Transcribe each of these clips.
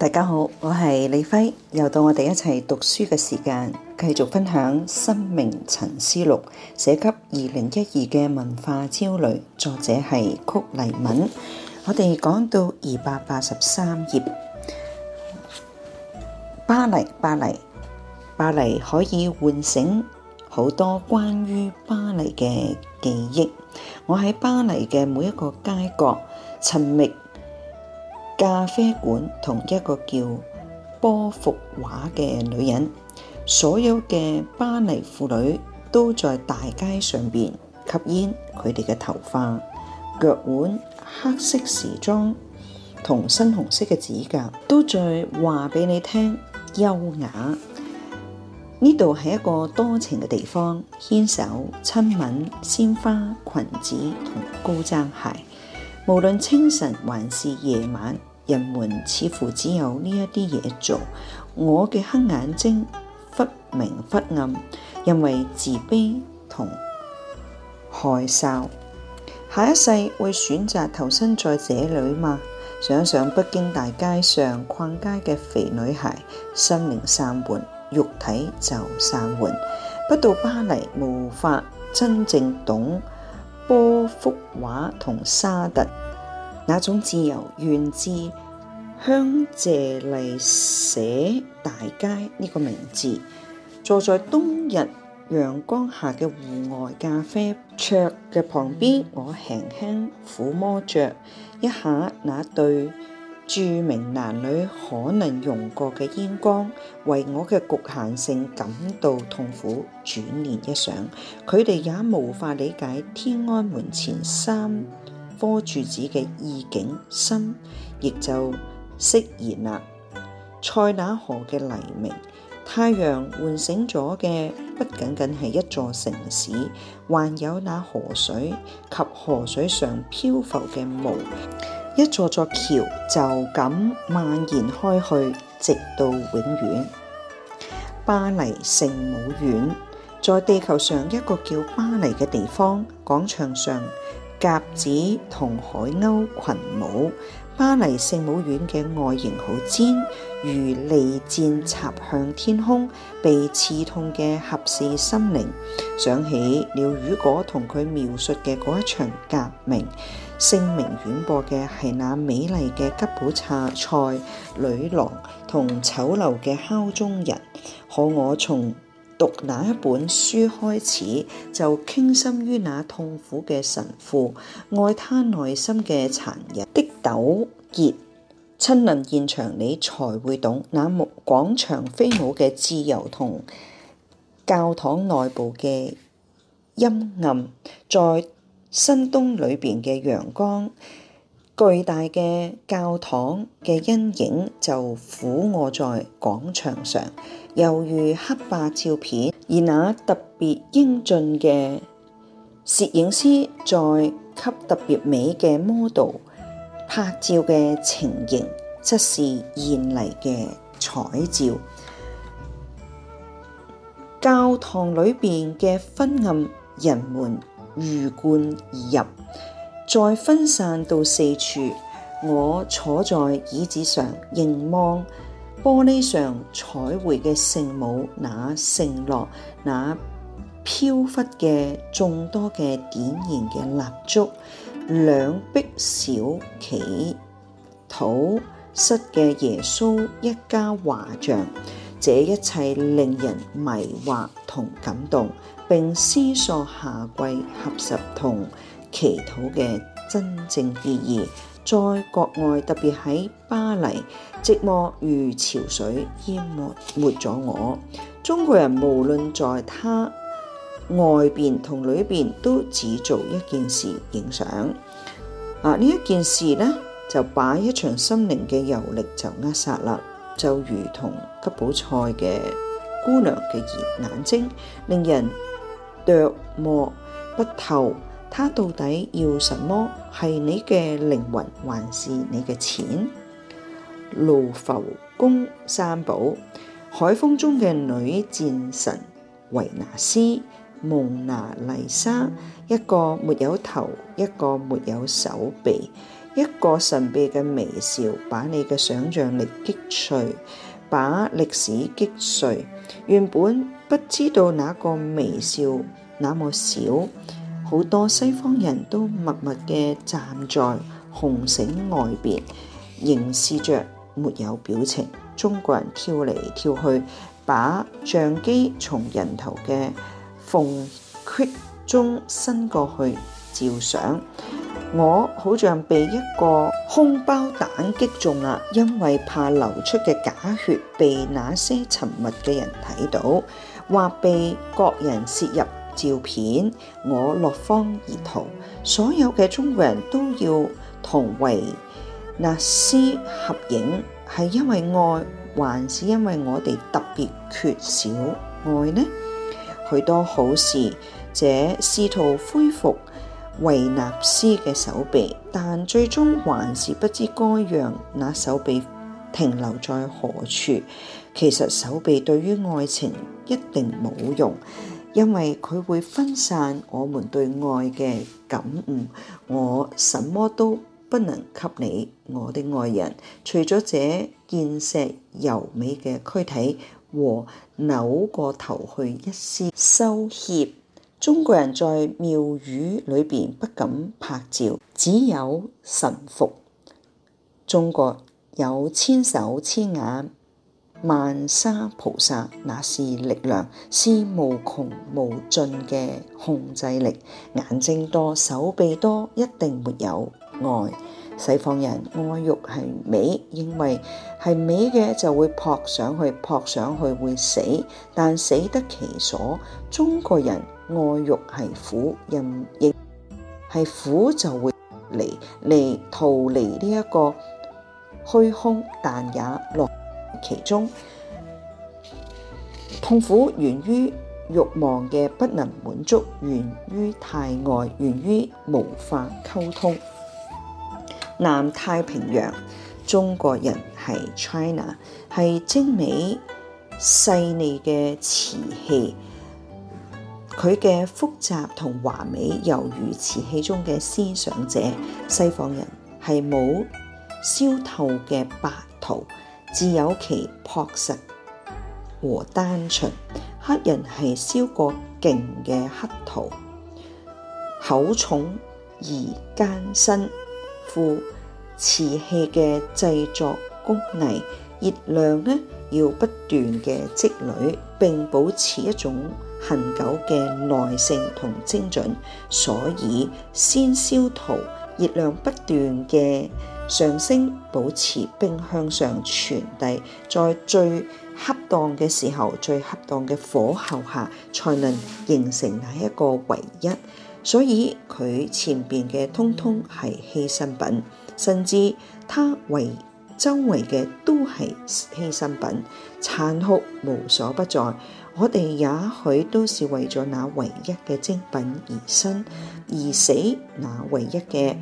大家好，我係李輝，又到我哋一齊讀書嘅時間，繼續分享《生命沉思錄》，寫給二零一二嘅文化焦慮，作者係曲黎敏。我哋講到二百八十三頁，巴黎，巴黎，巴黎可以喚醒好多關於巴黎嘅記憶。我喺巴黎嘅每一個街角尋覓。咖啡館同一個叫波伏娃嘅女人，所有嘅巴黎婦女都在大街上邊吸煙。佢哋嘅頭髮、腳腕、黑色時裝同深紅色嘅指甲，都在話俾你聽優雅。呢度係一個多情嘅地方，牽手、親吻、鮮花、裙子同高踭鞋。無論清晨還是夜晚。人們似乎只有呢一啲嘢做，我嘅黑眼睛忽明忽暗，因為自卑同害羞。下一世會選擇投身在這裏嗎？想想北京大街上逛街嘅肥女孩，心靈散緩，肉體就散緩。不到巴黎，無法真正懂波伏娃同沙特。那種自由源自香榭麗舍大街呢個名字，坐在冬日陽光下嘅戶外咖啡桌嘅旁邊，我輕輕撫摸着一下那對著名男女可能用過嘅煙缸，為我嘅局限性感到痛苦。轉念一想，佢哋也無法理解天安門前三。科住子嘅意境深，亦就釋然啦。塞那河嘅黎明，太陽喚醒咗嘅，不僅僅係一座城市，還有那河水及河水上漂浮嘅霧。一座座橋就咁蔓延開去，直到永遠。巴黎聖母院，在地球上一個叫巴黎嘅地方廣場上。鴿子同海鷗群舞，巴黎聖母院嘅外形好尖，如利箭插向天空，被刺痛嘅合士心靈，想起了雨果同佢描述嘅嗰一場革命，聲名遠播嘅係那美麗嘅吉普賽女郎同醜陋嘅敲鐘人，可我從讀哪一本書開始，就傾心於那痛苦嘅神父，愛他內心嘅殘忍的糾結。親臨現場，你才會懂那木廣場飛舞嘅自由同教堂內部嘅陰暗，在新東裏邊嘅陽光。巨大嘅教堂嘅陰影就俯臥在廣場上，猶如黑白照片；而那特別英俊嘅攝影師在給特別美嘅 model 拍照嘅情形，則是現嚟嘅彩照。教堂裏邊嘅昏暗，人們魚貫而入。再分散到四處。我坐在椅子上凝望玻璃上彩繪嘅聖母、那聖樂、那飄忽嘅眾多嘅點燃嘅蠟燭、兩壁小企土室嘅耶穌一家畫像，這一切令人迷惑同感動，並思索下跪合十同祈禱嘅真正意義，在國外特別喺巴黎，寂寞如潮水淹沒沒咗我。中國人無論在他外邊同裏邊，都只做一件事，影相啊！呢一件事呢，就把一場心靈嘅遊歷就扼殺啦，就如同吉普賽嘅姑娘嘅眼眼睛，令人琢磨不透。他到底要什麼？係你嘅靈魂，還是你嘅錢？盧浮宮三寶，海風中嘅女戰神維納斯，蒙娜麗莎，一個沒有頭，一個沒有手臂，一個神秘嘅微笑，把你嘅想象力擊碎，把歷史擊碎。原本不知道那個微笑那麼小。好多西方人都默默嘅站在紅繩外邊，凝視著，沒有表情。中國人跳嚟跳去，把相機從人頭嘅縫隙中伸過去照相。我好像被一個空包彈擊中啦，因為怕流出嘅假血被那些沉默嘅人睇到，或被國人攝入。照片，我落荒而逃。所有嘅中國人都要同維納斯合影，係因為愛，還是因為我哋特別缺少愛呢？許多好事者試圖恢復維納斯嘅手臂，但最終還是不知該讓那手臂停留在何處。其實手臂對於愛情一定冇用。因為佢會分散我們對愛嘅感悟。我什麼都不能給你，我的愛人，除咗這健碩柔美嘅軀體和扭過頭去一絲羞怯。中國人在廟宇裏邊不敢拍照，只有神服。中國有千手千眼。曼莎菩薩，那是力量，是無窮無盡嘅控制力。眼睛多，手臂多，一定沒有愛。西方人愛欲係美，認為係美嘅就會撲上去，撲上去會死，但死得其所。中國人愛欲係苦，認認係苦就會離離逃離呢一個虛空，但也落。其中痛苦源於欲望嘅不能滿足，源於太愛，源於無法溝通。南太平洋，中國人係 China 係精美細膩嘅瓷器，佢嘅複雜同華美，猶如瓷器中嘅思想者。西方人係冇燒透嘅白陶。自有其樸實和單純。黑人係燒過勁嘅黑陶，厚重而艱辛。負瓷器嘅製作工藝，熱量呢要不斷嘅積累，並保持一種恆久嘅耐性同精準。所以先燒陶，熱量不斷嘅，上升，保持並向上傳遞，在最恰當嘅時候，最恰當嘅火候下，才能形成那一個唯一。所以佢前邊嘅通通係犧牲品，甚至他圍周圍嘅都係犧牲品，殘酷無所不在。我哋也許都是為咗那唯一嘅精品而生而死，那唯一嘅。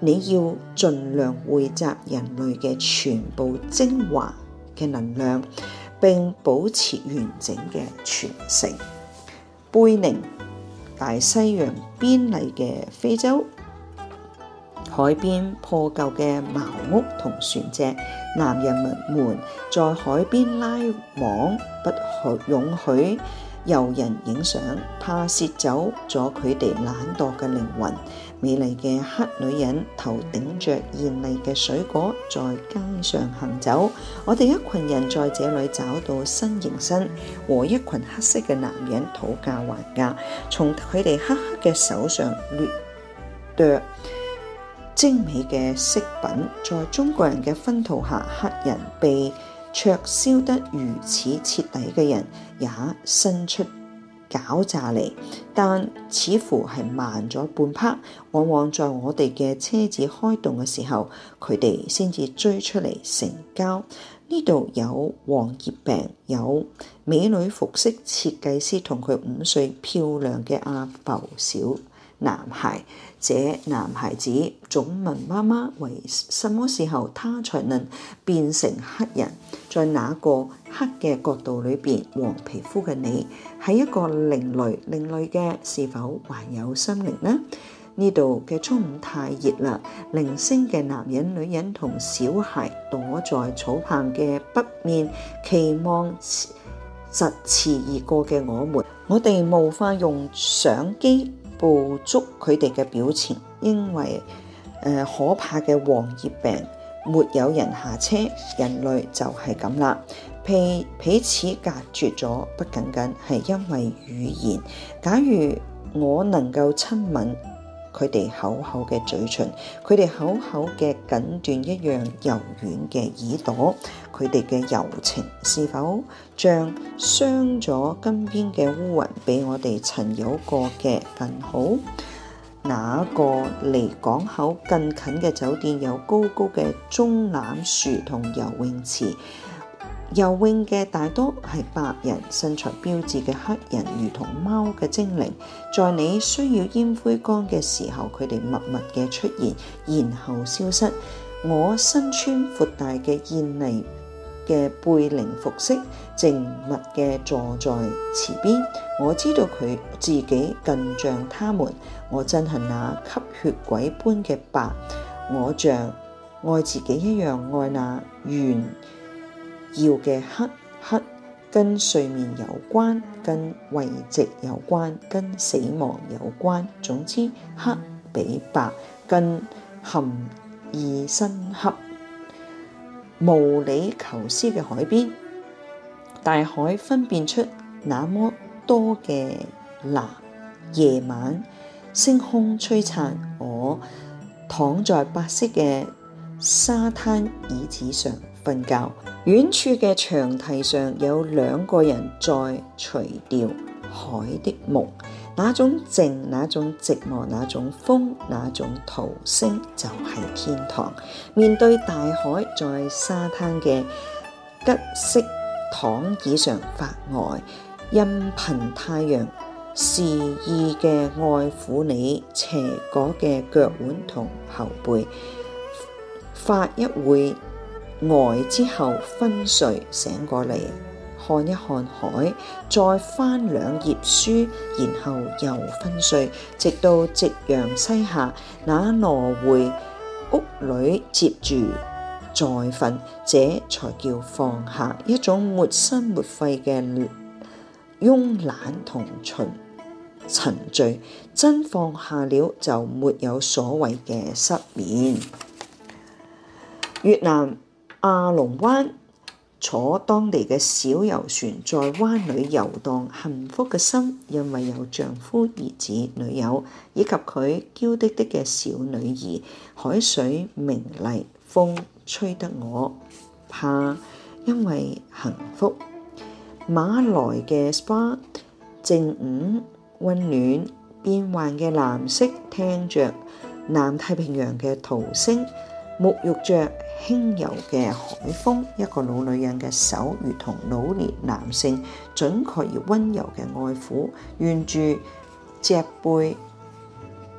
你要盡量匯集人類嘅全部精華嘅能量，並保持完整嘅傳承。貝寧，大西洋邊嚟嘅非洲，海邊破舊嘅茅屋同船隻，男人們們在海邊拉網，不允許容許遊人影相，怕蝕走咗佢哋懶惰嘅靈魂。美麗嘅黑女人頭頂着艷麗嘅水果，在街上行走。我哋一群人在這裏找到新型新和一群黑色嘅男人討價還價，從佢哋黑黑嘅手上掠奪精美嘅飾品。在中國人嘅熏陶下，黑人被灼燒得如此徹底嘅人，也伸出。攪炸嚟，但似乎係慢咗半拍。往往在我哋嘅車子開動嘅時候，佢哋先至追出嚟成交。呢度有黃熱病，有美女服飾設計師同佢五歲漂亮嘅阿浮小男孩。這男孩子總問媽媽為什麼時候他才能變成黑人？在那個。黑嘅角度裏邊，黃皮膚嘅你喺一個另類，另類嘅是否還有心靈呢？呢度嘅中午太熱啦。零星嘅男人、女人同小孩躲在草棚嘅北面，期望疾馳而過嘅我,我們，我哋無法用相機捕捉佢哋嘅表情，因為誒、呃、可怕嘅黃熱病，沒有人下車，人類就係咁啦。彼彼此隔絕咗，不僅僅係因為語言。假如我能夠親吻佢哋厚厚嘅嘴唇，佢哋厚厚嘅錦緞一樣柔軟嘅耳朵，佢哋嘅柔情是否像傷咗金邊嘅烏雲比我哋曾有過嘅更好？那個離港口更近嘅酒店有高高嘅棕櫚樹同游泳池。游泳嘅大多係白人，身材標緻嘅黑人，如同貓嘅精靈。在你需要煙灰缸嘅時候，佢哋默默嘅出現，然後消失。我身穿闊大嘅燕妮嘅背靈服飾，靜默嘅坐在池邊。我知道佢自己更像他們。我憎恨那吸血鬼般嘅白。我像愛自己一樣愛那圓。要嘅黑黑跟睡眠有關，跟遺跡有關，跟死亡有關。總之，黑比白更含義深刻。無理求思嘅海邊，大海分辨出那麼多嘅藍。夜晚星空璀璨，我躺在白色嘅沙灘椅子上瞓覺。遠處嘅長堤上有兩個人在垂釣海的夢，那種靜，那種寂寞，那種風，那種濤聲，就係、是、天堂。面對大海，在沙灘嘅橘色躺椅上發呆，任憑太陽肆意嘅愛撫你斜嗰嘅腳腕同後背，發一會。呆之後，昏睡醒過嚟，看一看海，再翻兩頁書，然後又昏睡，直到夕陽西下，那挪回屋裏，接住再瞓。這才叫放下，一種沒心沒肺嘅慵懶同沉沉醉。真放下了就沒有所謂嘅失眠。越南。阿龍灣坐當地嘅小遊船，在灣裏遊蕩，幸福嘅心，因為有丈夫、兒子、女友以及佢嬌滴滴嘅小女兒。海水明麗，風吹得我怕，因為幸福。馬來嘅 spa 正午温暖，變幻嘅藍色，聽着南太平洋嘅濤聲，沐浴着。輕柔嘅海風，一個老女人嘅手，如同老年男性準確而溫柔嘅愛撫，沿住脊背、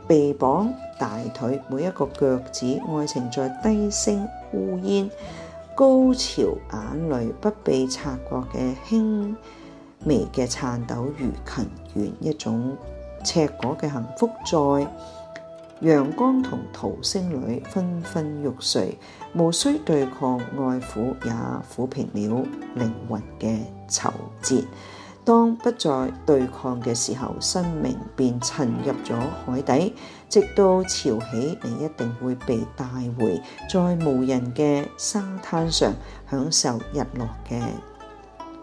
臂膀、大腿，每一個腳趾，愛情在低聲嗚咽，高潮眼淚不被察覺嘅輕微嘅顫抖，如琴弦一種赤果嘅幸福在。陽光同濤聲裏昏昏欲睡，無需對抗愛撫，也撫平了靈魂嘅愁節。當不再對抗嘅時候，生命便沉入咗海底，直到潮起，你一定會被帶回在無人嘅沙灘上，享受日落嘅。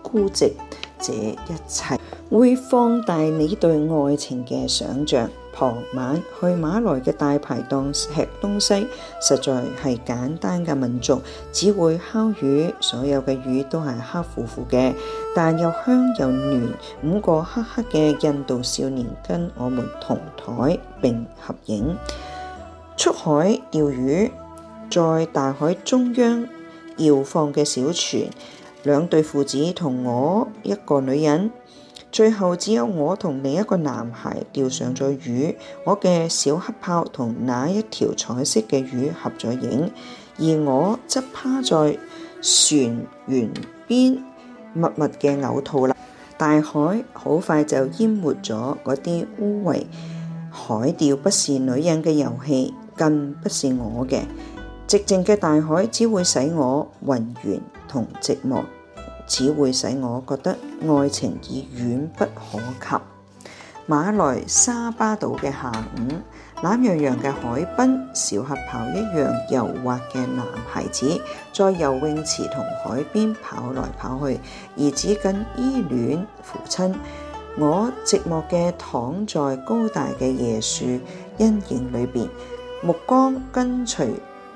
孤寂，這一切會放大你對愛情嘅想象。傍晚去馬來嘅大排檔食東西，實在係簡單嘅民族只會烤魚，所有嘅魚都係黑乎乎嘅，但又香又嫩。五個黑黑嘅印度少年跟我們同台並合影。出海釣魚，在大海中央搖晃嘅小船。兩對父子同我一個女人，最後只有我同另一個男孩釣上咗魚。我嘅小黑豹同那一條彩色嘅魚合咗影，而我則趴在船舷邊默默嘅嘔吐。啦。大海好快就淹沒咗嗰啲污穢。海釣不是女人嘅遊戲，更不是我嘅。寂靜嘅大海只會使我暈眩同寂寞。只會使我覺得愛情已遠不可及。馬來沙巴島嘅下午，懶洋洋嘅海濱，小黑豹一樣柔滑嘅男孩子，在游泳池同海邊跑來跑去。兒子更依戀父親，我寂寞嘅躺在高大嘅椰樹陰影裏邊，目光跟隨。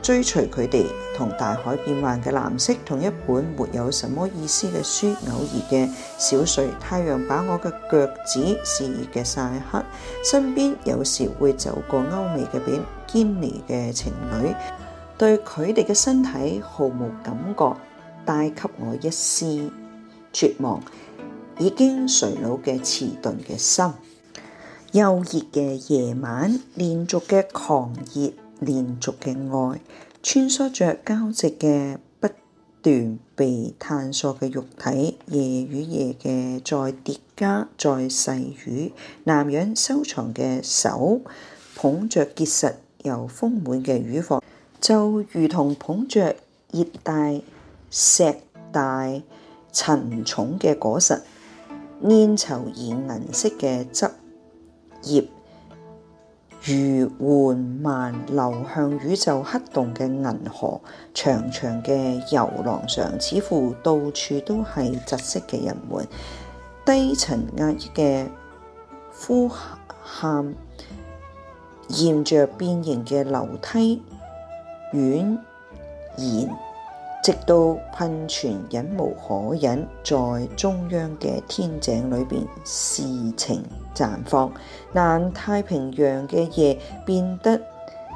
追隨佢哋同大海變幻嘅藍色，同一本沒有什麼意思嘅書，偶爾嘅小睡。太陽把我嘅腳趾肆意嘅曬黑，身邊有時會走過歐美嘅邊堅尼嘅情侶，對佢哋嘅身體毫無感覺，帶給我一絲絕望。已經垂老嘅遲鈍嘅心，悠熱嘅夜晚，連續嘅狂熱。連續嘅愛，穿梭着交織嘅不斷被探索嘅肉體，夜與夜嘅再疊加再細語。男人收藏嘅手捧着結實又豐滿嘅乳房，就如同捧着熱帶石帶沉重嘅果實，黏稠而銀色嘅汁液。如緩慢流向宇宙黑洞嘅銀河，長長嘅遊廊上，似乎到處都係窒息嘅人們，低沉壓抑嘅呼喊，沿着變形嘅樓梯蜿蜒，直到噴泉忍無可忍，在中央嘅天井裏邊事情，綻放，南太平洋嘅夜變得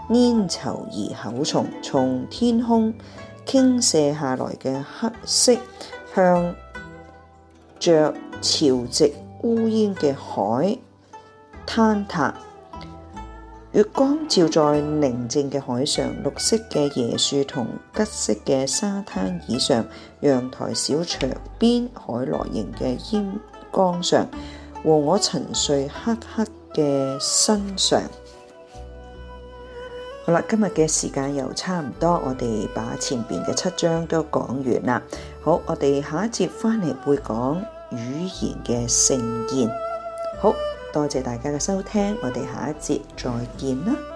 粘稠而厚重，從天空傾瀉下來嘅黑色，向著潮汐烏煙嘅海坍塌。月光照在寧靜嘅海上，綠色嘅椰樹同橘色嘅沙灘椅上，陽台小桌邊海螺形嘅煙缸上。和我沉睡黑黑嘅身上，好啦，今日嘅時間又差唔多，我哋把前面嘅七章都講完啦。好，我哋下一節返嚟會講語言嘅聖言。好，多謝大家嘅收聽，我哋下一節再見啦。